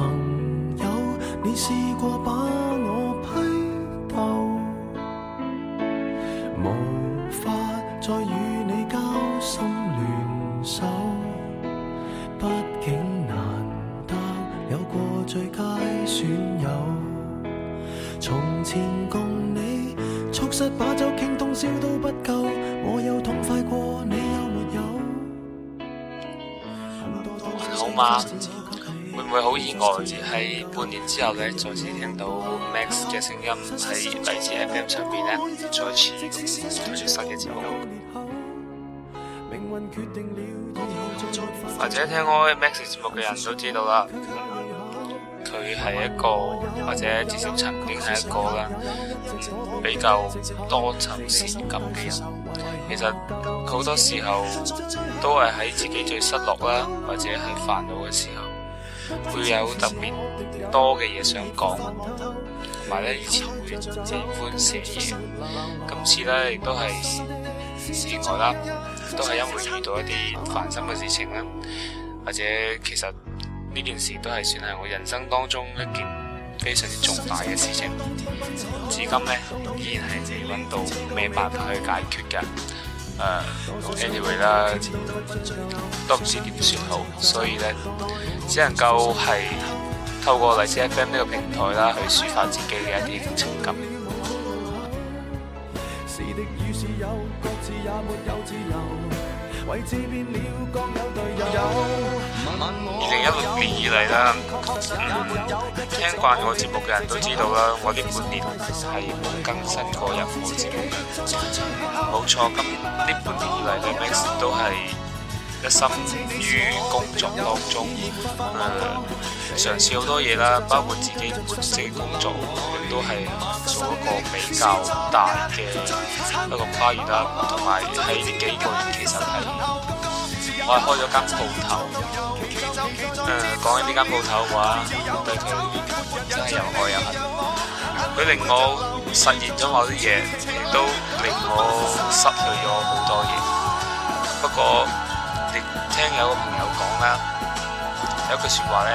朋友，你試過吧？然之後呢，再次聽到 Max 嘅聲音喺嚟自 FM 上邊呢，再次推出新嘅節目。 或者聽開 Max 節目嘅人都知道啦，佢係 一個或者至少曾經係一個啦，比較多愁善感嘅人。其實好多時候都係喺自己最失落啦，或者係煩惱嘅時候。會有特別多嘅嘢想講，同埋咧以前會喜歡寫嘢，今次咧亦都係，是意外啦，都係因為遇到一啲煩心嘅事情啦，或者其實呢件事都係算係我人生當中一件非常之重大嘅事情，至今咧依然係未搵到咩辦法去解決噶誒、uh，anyway 啦，都唔知點算好，嗯、所以呢，只能夠係透過荔枝 FM 呢個平台啦，去抒發自己嘅一啲情感。二零一六年以嚟啦，嗯，聽慣我節目嘅人都知道啦，我呢半年係冇更新過任何節目嘅。冇錯，今呢半年以嚟，我 max 都係一心於工作當中，嘗試好多嘢啦，包括自己本職嘅工作，亦都係做一個比較大嘅一個跨越啦。同埋喺呢幾個月，其實係我係開咗間鋪頭。誒，講起呢間鋪頭嘅話，對佢真係又愛又恨。佢令我實現咗我啲嘢，亦都令我失去咗好多嘢。不過，亦聽有個朋友講啦，有一句說話呢，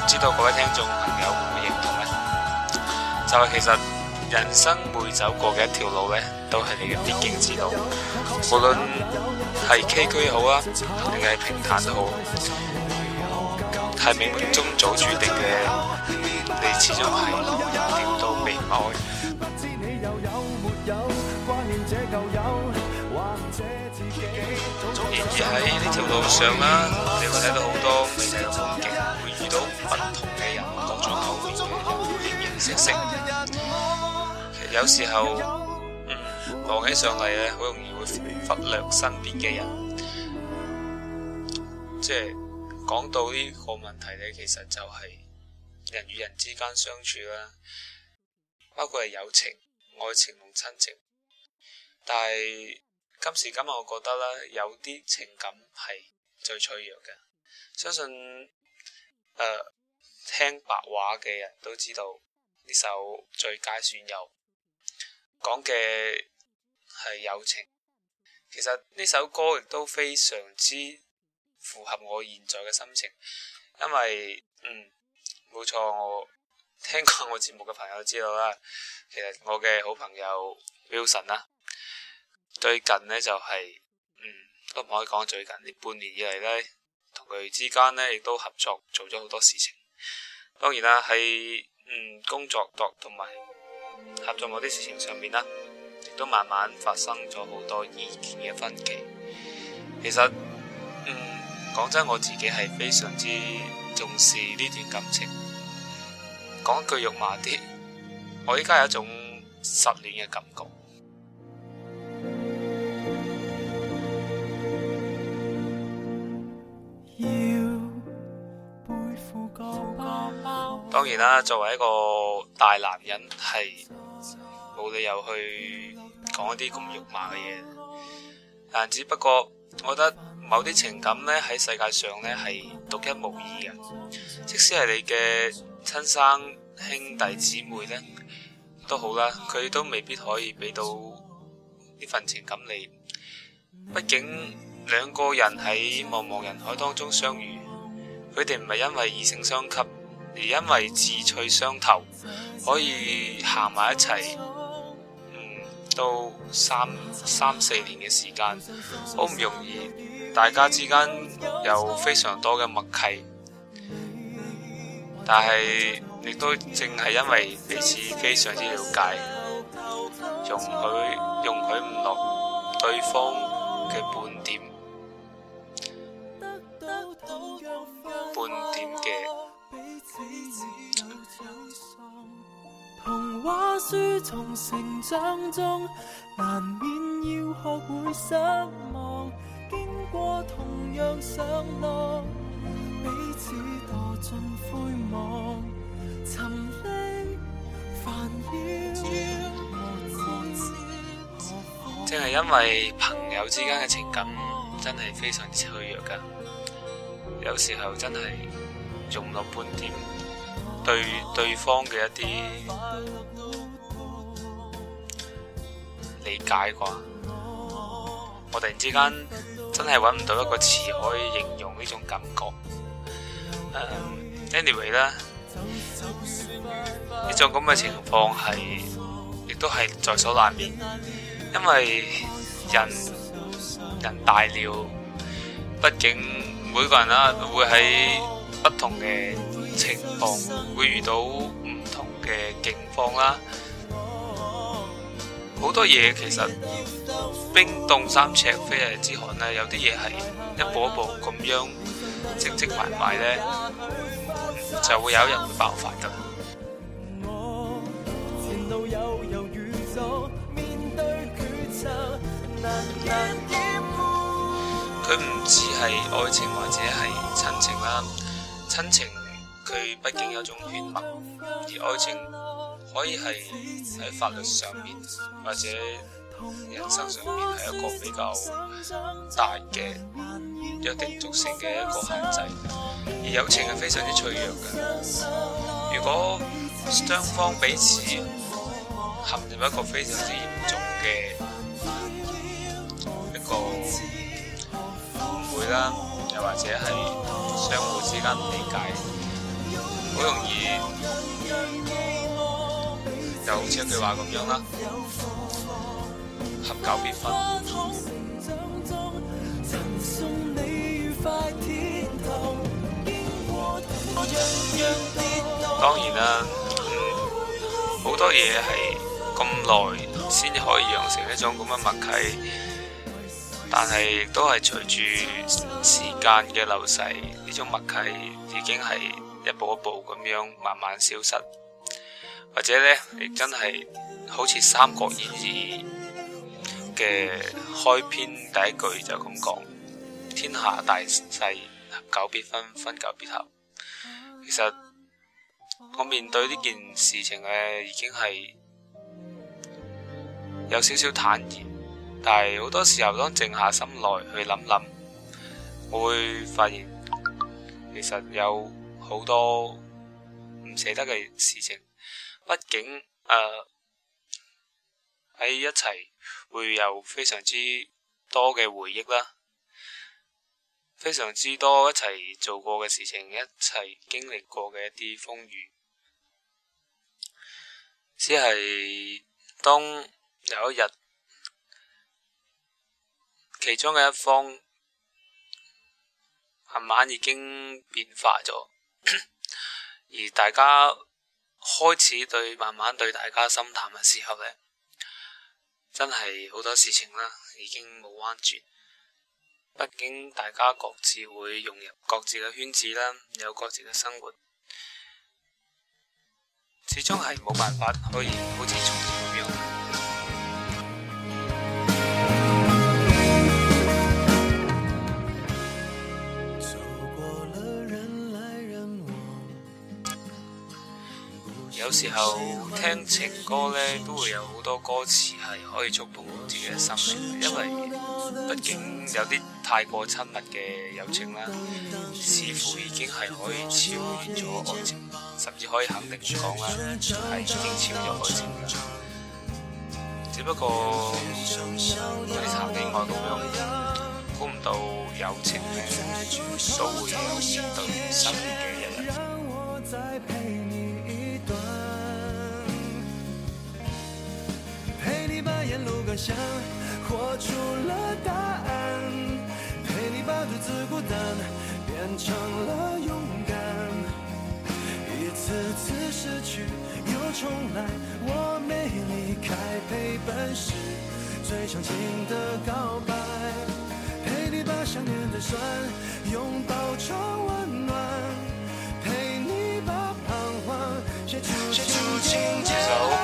唔知道各位聽眾朋友會唔會認同呢？就係、是、其實人生每走過嘅一條路呢，都係你嘅必經之路。無論係崎嶇好啊，定係平坦都好。係命運中早註定嘅，你始終係冇人料到悲哀。然而喺呢條路上啦，你會睇到好多美麗嘅風景，會遇到唔同嘅人，各種口味嘅人，形形色色。有時候，嗯，忙起上嚟咧，好容易會忽略身邊嘅人，即係。講到呢個問題呢，其實就係人與人之間相處啦，包括係友情、愛情同親情。但係今時今日，我覺得呢，有啲情感係最脆弱嘅。相信誒、呃，聽白話嘅人都知道呢首《最佳損友》，講嘅係友情。其實呢首歌亦都非常之。符合我現在嘅心情，因為嗯冇錯，我聽過我節目嘅朋友知道啦。其實我嘅好朋友 Wilson 啦，最近呢就係、是、嗯都唔可以講最近呢，半年以嚟呢，同佢之間呢亦都合作做咗好多事情。當然啦，喺嗯工作度同埋合作某啲事情上面啦，亦都慢慢發生咗好多意見嘅分歧。其實嗯。講真，我自己係非常之重視呢段感情。講句肉麻啲，我而家有一種失戀嘅感覺。當然啦，作為一個大男人，係冇理由去講一啲咁肉麻嘅嘢。但只不過，我覺得。某啲情感呢，喺世界上呢，係獨一無二嘅，即使係你嘅親生兄弟姊妹呢，都好啦，佢都未必可以俾到呢份情感你。畢竟兩個人喺茫茫人海當中相遇，佢哋唔係因為異性相吸，而因為志趣相投可以行埋一齊。嗯，到三三四年嘅時間，好唔容易。大家之間有非常多嘅默契，但係亦都正係因為彼此非常之了解，容許容許唔落對方嘅半點，半點嘅。童話書從成長中難免要學會失。 正係因為朋友之間嘅情感真係非常脆弱㗎，有時候真係容唔落半點對對方嘅一啲理解啩，我突然之間。真係揾唔到一個詞可以形容呢種感覺。嗯，anyway 啦，呢種咁嘅情況係亦都係在所難免，因為人人大了，畢竟每個人啦、啊、會喺不同嘅情況會遇到唔同嘅境況啦。好多嘢其實冰凍三尺非一日之寒啊！有啲嘢係一步一步咁樣積積埋埋呢就會有一日會爆發噶。佢唔止係愛情或者係親情啦，親情佢畢竟有種血脈，而愛情可以係。喺法律上面或者人生上面係一個比較大嘅約定俗成嘅一個限制，而友情係非常之脆弱嘅。如果雙方彼此陷入一個非常之嚴重嘅一個誤會啦，又或者係相互之間唔理解，好容易。好似一句話咁樣啦，合久必分。當然啦，好、嗯、好多嘢係咁耐先可以養成一種咁嘅默契，但係亦都係隨住時間嘅流逝，呢種默契已經係一步一步咁樣慢慢消失。或者咧，亦真係好似《三國演義》嘅開篇第一句就咁講： 天下大勢，合久必分，分久必合。其實我面對呢件事情嘅已經係有少少坦然，但係好多時候當靜下心來去諗諗，我會發現其實有好多唔捨得嘅事情。畢竟誒喺、呃、一齊會有非常之多嘅回憶啦，非常之多一齊做過嘅事情，一齊經歷過嘅一啲風雨。只係當有一日，其中嘅一方慢慢已經變化咗， 而大家，開始對慢慢對大家心淡嘅時候呢，真係好多事情啦，已經冇彎轉。畢竟大家各自會融入各自嘅圈子啦，有各自嘅生活，始終係冇辦法可以好似。有時候聽情歌咧，都會有好多歌詞係可以觸動到自己嘅心靈，因為畢竟有啲太過親密嘅友情啦，似乎已經係可以超越咗愛情，甚至可以肯定講啦，係已經超越咗愛情啦。只不過好似談戀愛咁樣，估唔到友情咧，都會有遇到心軟嘅人。想活出了答案，陪你把獨自孤單變成了勇敢，一次次失去又重來。我沒離開，陪伴是最長情的告白，陪你把想念的酸擁抱成溫暖，陪你把彷徨寫出情節。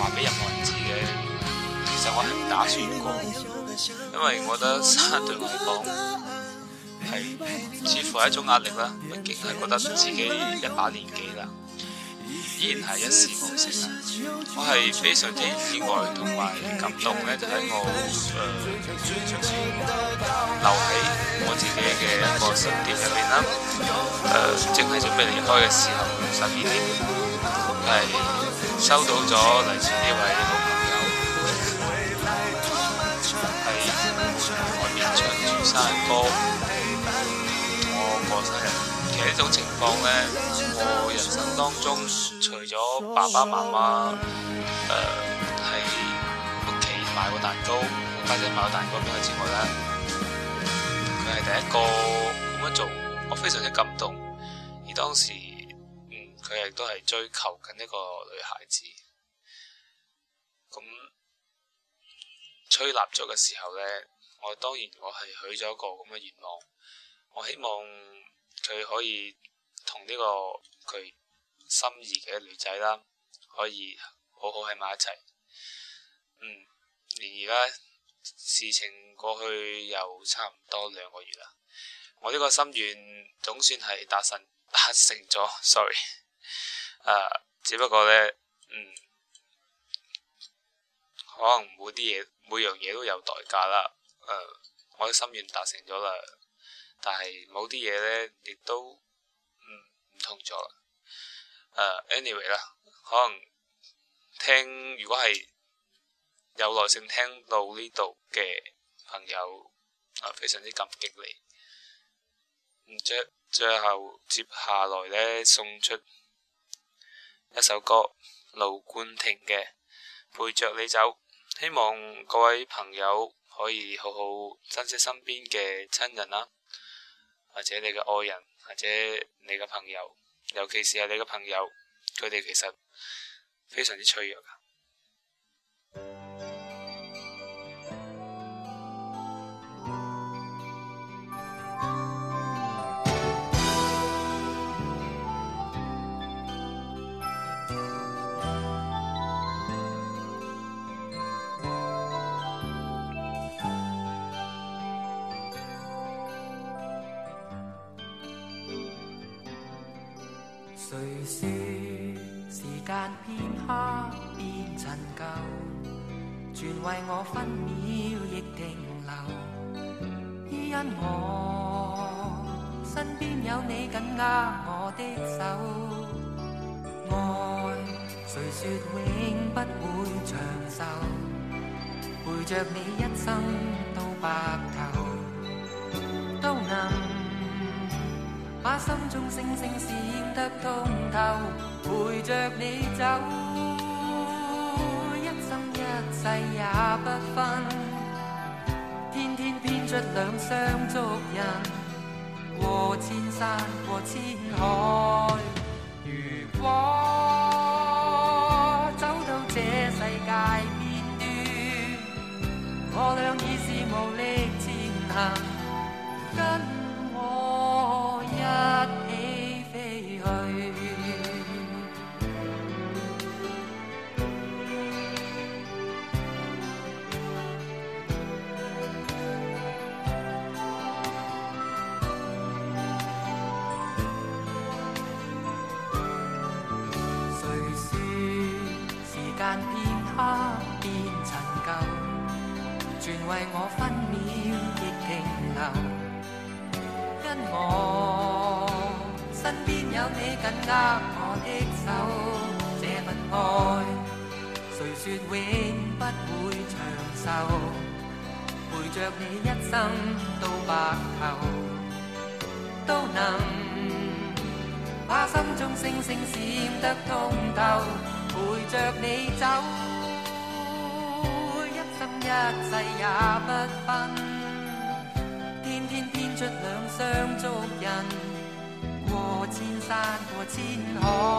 話俾任何人知嘅，其實我係唔打算講，因為我覺得生對我嚟講係似乎係一種壓力啦，畢竟係覺得自己一把年紀啦，依然係一事無成啊！我係非常之意外同埋感動咧，就喺、是、我誒留喺我自己嘅一個心田入邊啦。誒、呃，正係準備離開嘅時候，十二點收到咗嚟自呢位好朋友喺門唉外面唱住生日歌同我過生日。其實呢種情況咧，我人生當中除咗爸爸媽媽誒喺屋企買過蛋糕，家姐買過蛋糕俾我之外咧，佢係第一個咁樣做，我非常之感動。而當時。佢亦都係追求緊一個女孩子咁吹蠟燭嘅時候呢，我當然我係許咗一個咁嘅願望，我希望佢可以同呢、這個佢心儀嘅女仔啦，可以好好喺埋一齊。嗯，而而家事情過去又差唔多兩個月啦，我呢個心願總算係達成達成咗。Sorry。誒，uh, 只不過咧，嗯，可能每啲嘢每樣嘢都有代價啦。誒、呃，我嘅心願達成咗啦，但係某啲嘢咧亦都唔唔、嗯、同咗啦。誒、uh，anyway 啦，可能聽如果係有耐性聽到呢度嘅朋友，啊、呃，非常之感激你。嗯，最最後接下來咧，送出。一首歌，盧冠廷嘅《陪着你走》，希望各位朋友可以好好珍惜身邊嘅親人啦、啊，或者你嘅愛人，或者你嘅朋友，尤其是係你嘅朋友，佢哋其實非常之脆弱。誰說時間片刻變陳舊？全為我分秒亦停留，因我身邊有你緊握我的手。愛，誰說永不會長壽？陪着你一生到白頭，都能。把心中星星閃得通透，陪着你走，一生一世也不分。天天編織兩雙足印，過千山和過千海。如果走到這世界邊端，我倆已是無力前行。跟我身邊有你緊握我的手，這份愛誰說永不會長壽？陪着你一生到白頭，都能把心中星星閃得通透，陪着你走，一生一世也不分。出兩雙足印，過千山，過千海。